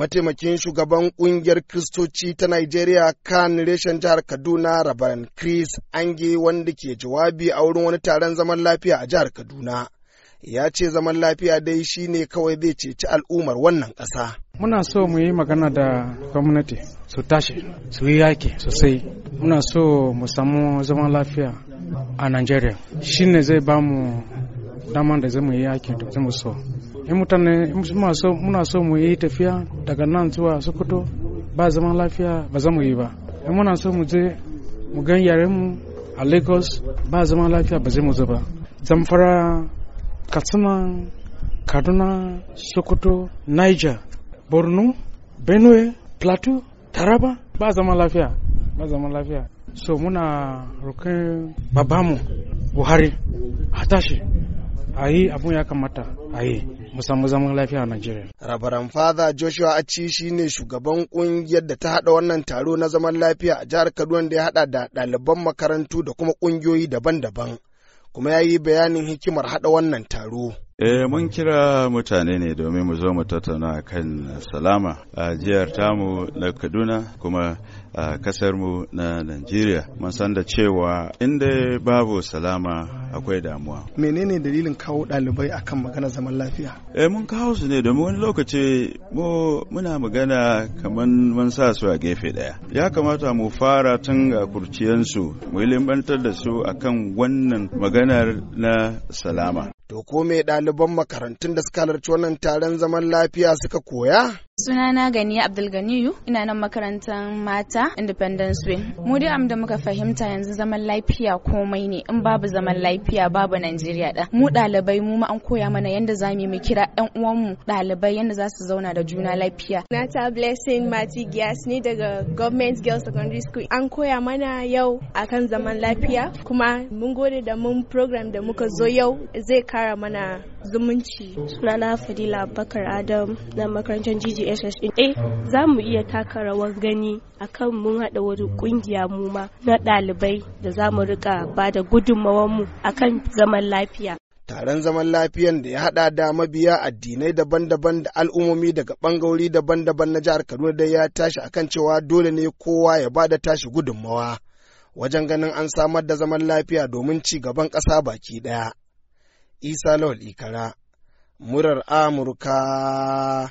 mataimakin shugaban kungiyar kristoci ta Najeriya kan reshen jihar Kaduna Rabaran Chris Ange wanda ke jawabi a wurin wani taron zaman lafiya a jihar Kaduna. Ya ce zaman lafiya dai shi ne kawai zai ceci al'ummar wannan ƙasa. Muna so mu yi magana da gwamnati su tashi su yi yaki sosai. Muna so mu samu zaman lafiya a Najeriya. Shine zai ba mu. dama da zamu yi yakin da mu so in mutane muna so mu yi tafiya daga nan zuwa sokoto ba zaman lafiya ba za mu yi ba in muna so mu je mu gan mu a lagos ba zaman lafiya ba zai mu zuba ba zamfara katsina kaduna sokoto niger borno benue plateau taraba ba zaman lafiya ba zaman lafiya so muna roƙon babamu buhari a tashi a yi abun ya kamata a yi musamman zaman lafiya a Najeriya. Rabaran Fada Joshua Aci shi ne shugaban kungiyar da ta haɗa wannan taro na zaman lafiya a jihar Kaduna da ya haɗa da ɗaliban makarantu da kuma ƙungiyoyi daban-daban. Kuma ya yi bayanin hikimar haɗa wannan taro. Eh mun kira mutane ne domin mu zo mu tattauna kan salama a jihar tamu na Kaduna kuma a kasarmu na Najeriya. Mun san da cewa inda babu salama akwai damuwa. Menene dalilin kawo ɗalibai akan magana zaman lafiya? Eh mun kawo su ne domin wani lokaci mu muna magana kamar mun sa su a gefe ɗaya. Ya kamata mu fara tun ga kurciyansu mu ilimantar da su akan wannan maganar na salama. To ko mai ɗaliban makarantun da suka halarci wannan taron zaman lafiya suka koya? Sunana gani Abdulganiyu ina nan makarantar mata Independence Way. Mu dai da muka fahimta yanzu zaman lafiya komai ne in babu zaman lafiya babu Najeriya da. Mu ɗalibai mu ma an koya mana yanda za mu kira ɗan uwan mu ɗalibai yanda za su zauna da juna lafiya. Nata Blessing Mati Giyas ne daga Government Girls Secondary School. An koya mana yau akan zaman lafiya kuma mun gode da mun program da muka zo yau zai kara mana zumunci. Sunana Fadila Bakar Adam na makarantar GGA. DSS din za mu iya taka rawar gani kan mun haɗa wani ƙungiya mu ma na ɗalibai da za mu riƙa ba da mu akan zaman lafiya. Taron zaman lafiyan da ya haɗa da mabiya addinai daban-daban da al'ummomi daga ɓangarori daban-daban na jihar Kaduna dai ya tashi akan cewa dole ne kowa ya ba da tashi gudunmawa wajen ganin an samar da zaman lafiya domin ci gaban ƙasa baki ɗaya. Isa Lawal Ikara, murar Amurka